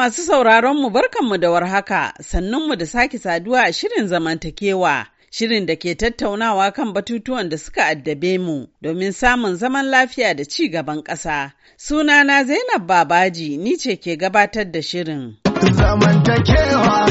masu sauraron sauraronmu barkanmu da warhaka, mu da sake saduwa a shirin zamantakewa. Shirin da ke tattaunawa kan batutuwan da suka addabe mu domin samun zaman lafiya da ci gaban ƙasa. Sunana Zainab Babaji ni ce ke gabatar da shirin. Zamantakewa,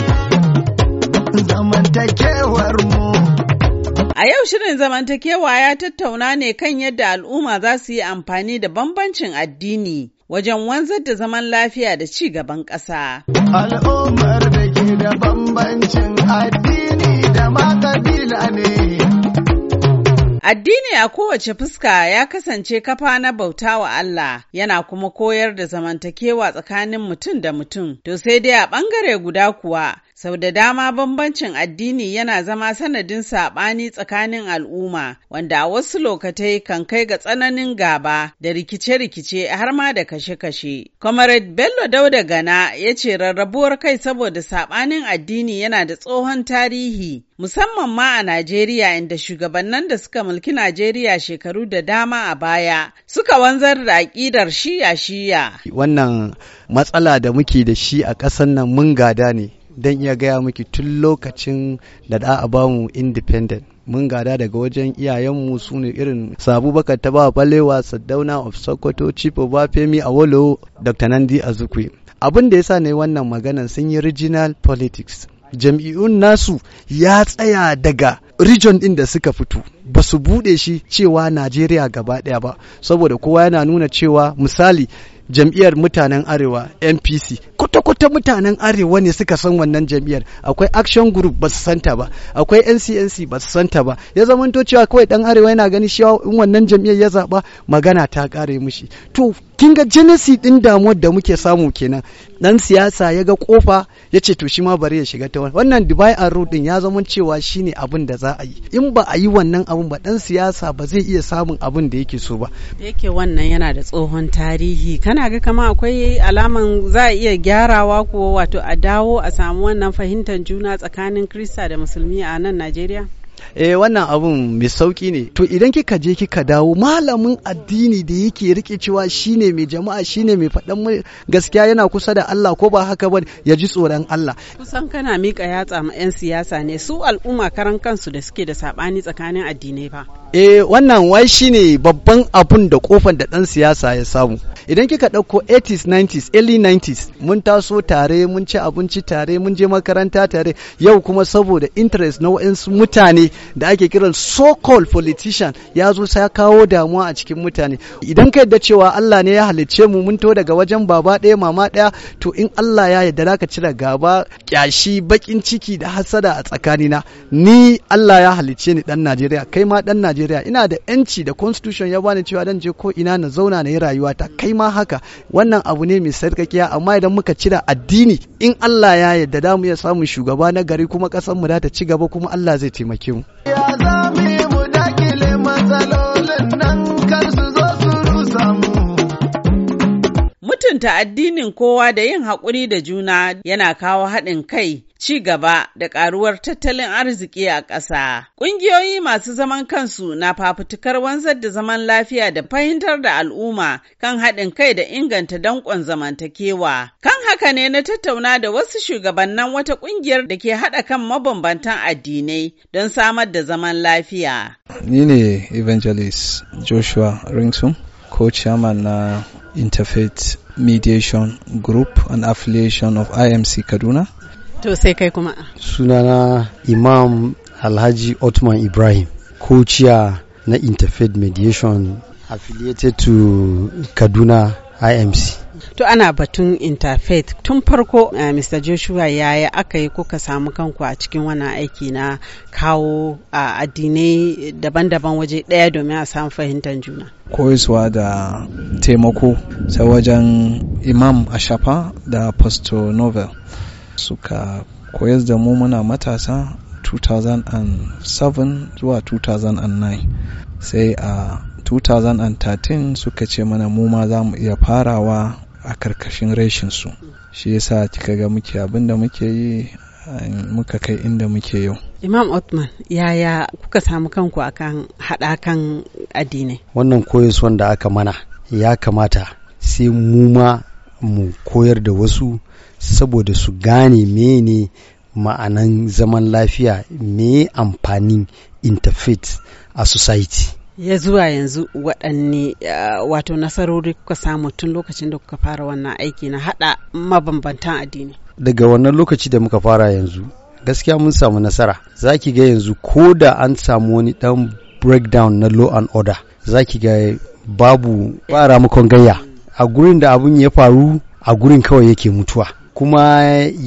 zamantakewar mu. A yau shirin zamantakewa ya tattauna ne kan yadda al'umma za su yi amfani da bambancin addini wajen wanzar da zaman lafiya da ci gaban ƙasa. Al'ummar da ke da bambancin addini da makabila ne. Addini a kowace fuska ya kasance kafa na bauta wa Allah yana kuma koyar da zamantakewa tsakanin mutum da mutum, to sai dai a ɓangare guda kuwa Sau da dama bambancin addini yana zama sanadin saɓani tsakanin al'umma, wanda a wasu lokatai kan kai ga tsananin gaba da rikice-rikice har ma da kashe-kashe. Comrade Bello Dauda Gana ya ce rarrabuwar kai saboda saɓanin addini yana da tsohon tarihi, musamman ma a Najeriya inda shugabannin da suka mulki Najeriya shekaru da dama a baya suka wanzar da aƙidar shiya-shiya. Wannan matsala da muke da shi a ƙasar nan mun gada ne. dan iya gaya miki tun lokacin da da a bamu independent mun gada daga wajen iyayenmu su ne irin sabu baka ta ba balewa saddauna of sokoto chief Bafemi a Wolo, dr nandi azukwe abin da yasa ne wannan maganan sun yi regional politics jam'iyyun nasu ya tsaya daga region din da suka fito ba su buɗe shi cewa najeriya gaba ɗaya ba saboda kowa yana nuna cewa misali jam'iyyar mutanen arewa npc kwata-kwata mutanen arewa ne suka san wannan jam'iyyar akwai action group ba su santa ba akwai ncnc ba su santa ba ya zamanto cewa kawai dan arewa yana gani shi in wannan jam'iyyar ya zaba magana ta kare mushi to kin ga jinsi din damuwar da muke samu kenan dan siyasa ya ga kofa ya ce to shi ma bari ya shiga ta wannan dubai an road din ya zama cewa shine abin da za a yi in ba a yi wannan abun ba dan siyasa ba zai iya samun abin da yake so ba yake wannan yana da tsohon tarihi kana ga kama akwai alaman za a iya gyarawa ko wato a dawo a samu wannan fahimtar juna tsakanin krista da musulmi a nan najeriya eh wannan abun mai sauki ne to idan kika je kika dawo malamin addini da yake rike cewa shine mai jama'a shine mai faɗan gaskiya yana kusa da Allah ko ba haka ba ya ji tsoron Allah kusan kana mika yatsa ma 'yan siyasa ne su al'umma karan kansu da suke da saɓani tsakanin addinai ba eh wannan wai shine babban abun da kofan da ɗan siyasa ya samu idan kika ɗauko 80s 90s early 90s mun taso tare mun ci abinci tare mun je makaranta tare yau kuma saboda interest na wa'insu mutane da ake kiran so called politician ya zo sa kawo damuwa a cikin mutane idan ka yadda cewa Allah ne ya halicce mu mun to daga wajen baba ɗaya mama ɗaya to in Allah ya yarda ka cire gaba kyashi bakin ciki da hasada a tsakanina ni Allah ya halicce ni dan Najeriya kai ma dan Najeriya Najeriya ina da yanci da constitution ya bani cewa dan je ko ina na zauna na yi rayuwa ta kai ma haka wannan abu ne mai sarkakiya amma idan muka cira addini in Allah ya yarda da mu ya samu shugaba na gari kuma kasar mu za ta ci gaba kuma Allah zai taimake mu. Mutunta addinin kowa da yin haƙuri da juna yana kawo haɗin kai, ci gaba da ƙaruwar tattalin arziki a ƙasa. Ƙungiyoyi masu zaman kansu na fafutukar wanzar da zaman lafiya da fahimtar da al'umma kan haɗin kai da inganta danƙon zamantakewa. Kan haka ne na tattauna da wasu shugabannin wata ƙungiyar da ke haɗa kan mabambantan addinai don samar da zaman lafiya. Ni ne Evangelist Joshua Ringson, ko chairman na Interfaith mediation group and affiliation of imc kaduna to sai kai kuma sunana imam alhaji otman ibrahim kociya na interfaith mediation affiliated to kaduna imc To ana batun interfaith tun farko uh, eh, Mr. Joshua yaya aka yi kuka samu kanku a cikin wannan aiki na kawo uh, addinai daban-daban waje ɗaya domin a samu fahimtar juna. Koyiswa da taimako sai wajen Imam Ashafa da Pastor Novel suka koyar da mu muna matasa 2007 zuwa 2009 sai a uh, 2013 suka ce mana mu ma za mu iya farawa a karkashin reshinsu shi yasa kika ga muke abin da muke yi eh, muka kai inda muke yau imam otman yaya kuka samu kanku akan haɗakan addinai wannan koyaswan da aka mana ya kamata sai mu ma mu koyar da wasu saboda su gane mene ma'anan zaman lafiya me amfanin interfaith a society ya zuwa yanzu waɗanne wato nasarori kuka samu tun lokacin da kuka fara wannan aiki na haɗa mabambantan addini daga wannan lokaci da muka fara yanzu gaskiya mun samu nasara za ki ga yanzu ko da an samu wani ɗan breakdown na law and order za ki ga babu ba ramukan gayya a gurin da abun ya faru a gurin kawai yake mutuwa kuma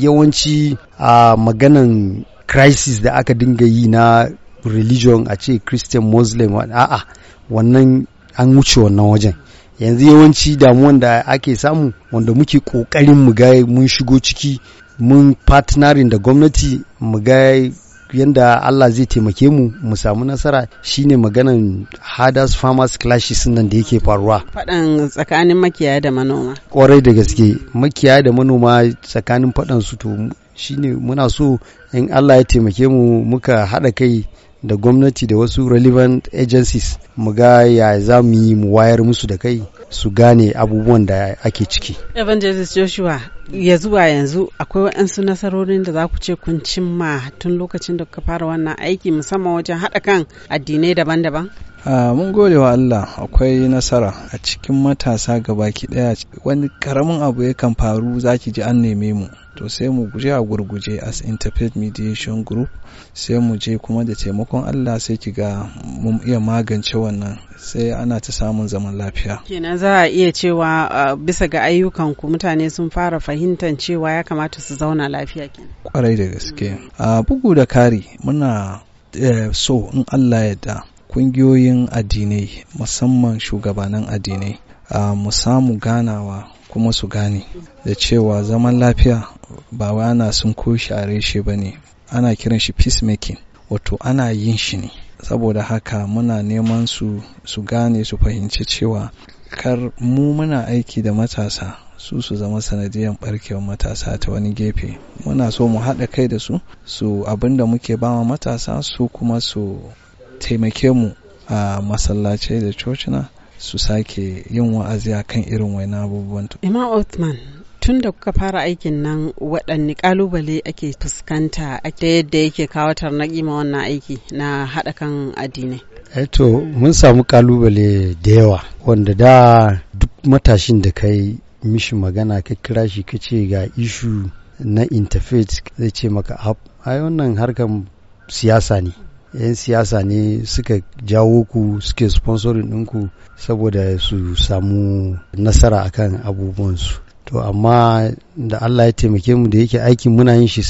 yawanci a maganan crisis da aka dinga yi na religion a ce christian muslim a'a wannan an wuce wannan wajen yanzu yawanci damuwan da ake samu wanda muke kokarin mu ga mun shigo ciki mun partnering da gwamnati mu ga yadda Allah zai taimake mu mu samu nasara shine maganan hadas farmers clashes nan da yake faruwa fadan tsakanin makiyaya da manoma kwarai da gaske makiyaya da manoma tsakanin faɗan su to shine muna so in Allah ya taimake mu muka haɗa kai da gwamnati da wasu relevant agencies mu ga ya za mu yi mu wayar musu da kai su gane abubuwan da ake ciki. Evangelist Joshua ya zuwa yanzu akwai waɗansu nasarorin da za ku ce kun cimma tun lokacin da kuka fara wannan aiki musamman wajen haɗa kan addinai daban-daban? mun gode wa Allah akwai nasara a cikin matasa gabaki daya wani karamin abu yakan faru zaki ji an neme mu to sai mu guje a gurguje as interfaith mediation group sai mu je kuma da taimakon allah sai ki ga mun iya magance wannan sai ana ta samun zaman lafiya kenan za a iya cewa bisa ga ayyukan ku mutane sun fara fahimtar cewa ya kamata su zauna lafiya kenan kwarai da gaske a bugu da kari muna eh, so in allah ya da kungiyoyin addinai musamman shugabanan addinai mu samu ganawa kuma su gane da cewa zaman lafiya ba wai ana sun ko share shi ba ne ana kiran shi peacemaking wato ana yin shi ne saboda haka muna neman su su gane su fahimci cewa kar mu muna aiki da matasa su su zama sanadiyar barkewar matasa ta wani gefe muna so mu haɗa kai da su su abinda muke bawa matasa su kuma su taimake mu a masallacai da cocina su sake yin wa'azi a kan irin na abubuwan imam othman tun da kuka fara aikin nan waɗanne ƙalubale ake fuskanta ta yadda yake kawo tarnaƙi ma wannan aiki na haɗa kan addini eto eh mun samu ƙalubale da yawa wanda da duk matashin da kai mishi magana ka kira shi ka ce ga ishu na interfaith zai ce maka ai wannan harkar siyasa ne 'yan siyasa ne suka jawo ku suke sponsorin ɗinku saboda su samu nasara akan abubuwansu to amma da allah ya taimake mu da yake aikin muna yin shi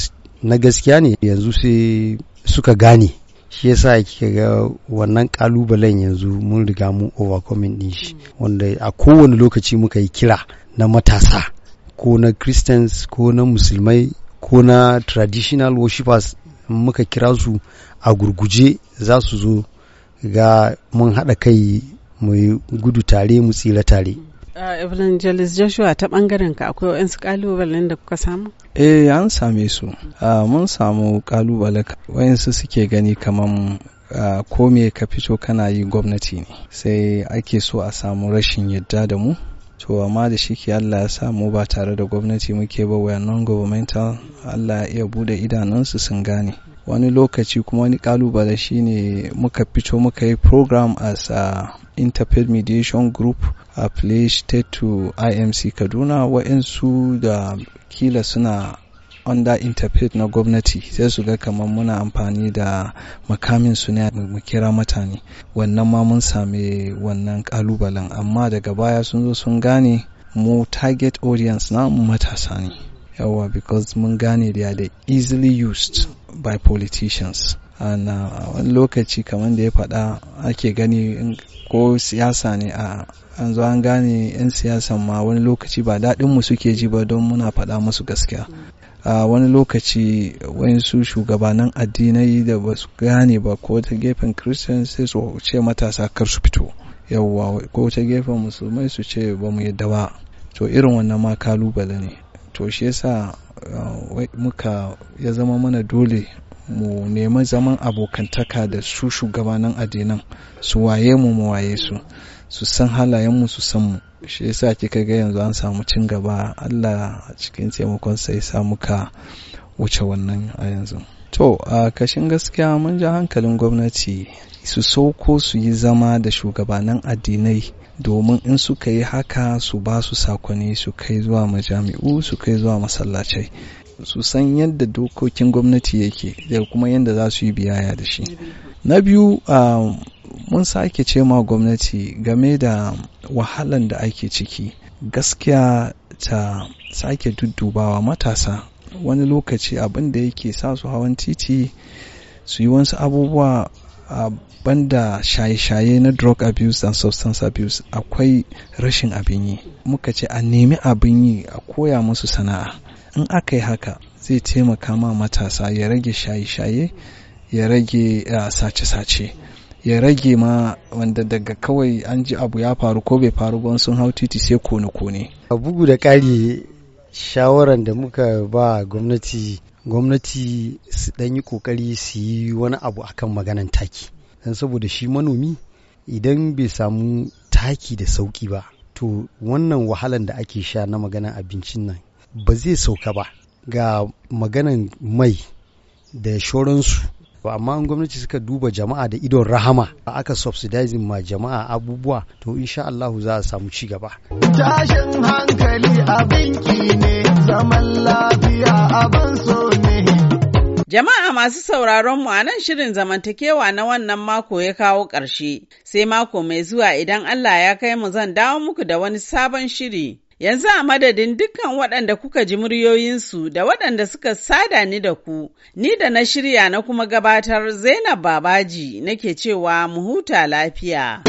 na gaskiya ne yanzu sai suka gane shi yasa kika ga wannan kalubalen yanzu mun riga mun overcoming din shi wanda a kowane lokaci muka yi kira na matasa ko na christians ko na musulmai ko na traditional worshippers muka kira su a gurguje za su zo ga mun haɗa kai mu gudu tare mu tsira tare Uh, joshua ta bangaren ka akwai wa'yansu kalubalen da kuka samu eh an same su mun samu ƙalubale. wa'yansu suke gani kamar ko me ka fito kana yi gwamnati ne sai ake so a samu rashin yadda da mu to amma da shi ke Allah ya samu ba tare da gwamnati muke ba wa non governmental Allah ya iya bude idanunsu sun gane wani lokaci kuma wani kalubale ne muka fito muka yi program as a interfaith mediation group a state to imc kaduna wa'insu da kila suna under interpret na gwamnati sai su ga kamar muna amfani da makamin su ne mu kira mutane wannan ma mun same wannan kalubalen amma daga baya sun zo sun gane mu target audience na matasa ne yawa because mun gane da da easily used by politicians and uh, wani lokaci kamar da ya faɗa ake gani ko siyasa ne a an zo an gane 'yan siyasa ma wani lokaci ba daɗin mu suke ji ba don muna faɗa musu gaskiya a wani lokaci wayansu shugabanan addinai da ba su gane ba ko ta gefen christian sai su ce matasa kar su fito yawwa ko ta gefen musulmai su ce ba mu yadda ba to irin wannan ma kalubale ne to shi yasa muka ya zama mana dole mu nemi zaman abokantaka da su shugabanan addinan su waye mu mu waye su su san halayenmu su san mu shi yasa kika ga yanzu an samu cin gaba Allah a cikin taimakon sai sa muka wuce wannan a yanzu to a kashin gaskiya mun ji hankalin gwamnati su sauko su yi zama da shugabannin addinai domin in suka yi haka su ba su sakonni su kai zuwa majami'u su kai zuwa masallacai su san yadda dokokin gwamnati yake da kuma yadda za su yi biyaya da shi na biyu mun sake ce ma gwamnati game da wahalan da ake ciki gaskiya ta sake duddubawa matasa wani lokaci abin da yake sa su hawan titi su yi wasu abubuwa a banda shaye-shaye na drug abuse and substance abuse akwai rashin abin yi muka ce a nemi abin yi a koya musu sana'a in aka yi haka zai taimaka ma matasa ya rage shaye-shaye ya rage sace-sace ya rage ma wanda daga kawai an ji abu ya faru ko bai faru ba sun hau titi sai kone kone bugu da kari shawaran da muka ba gwamnati gwamnati su dan yi ƙoƙari su yi wani abu akan maganan taki don saboda shi manomi idan bai samu taki da sauki ba to wannan wahalan da ake sha na maganan abincin nan ba zai sauka ba ga maganan mai da shoransu amma in gwamnati suka duba jama'a da idon rahama aka subsidizing ma jama'a abubuwa to insha Allahu za a samu ci gaba tashin hankali abinki ne zaman lafiya abin so ne Jama'a masu sauraron mu a nan shirin zamantakewa na wannan mako ya kawo ƙarshe, sai mako mai zuwa idan Allah ya kai mu zan dawo muku da wani sabon shiri. Yanzu a madadin dukkan waɗanda kuka ji muryoyinsu da waɗanda suka sada ni da ku, ni da na shirya na kuma gabatar Zainab Babaji nake cewa mu huta lafiya.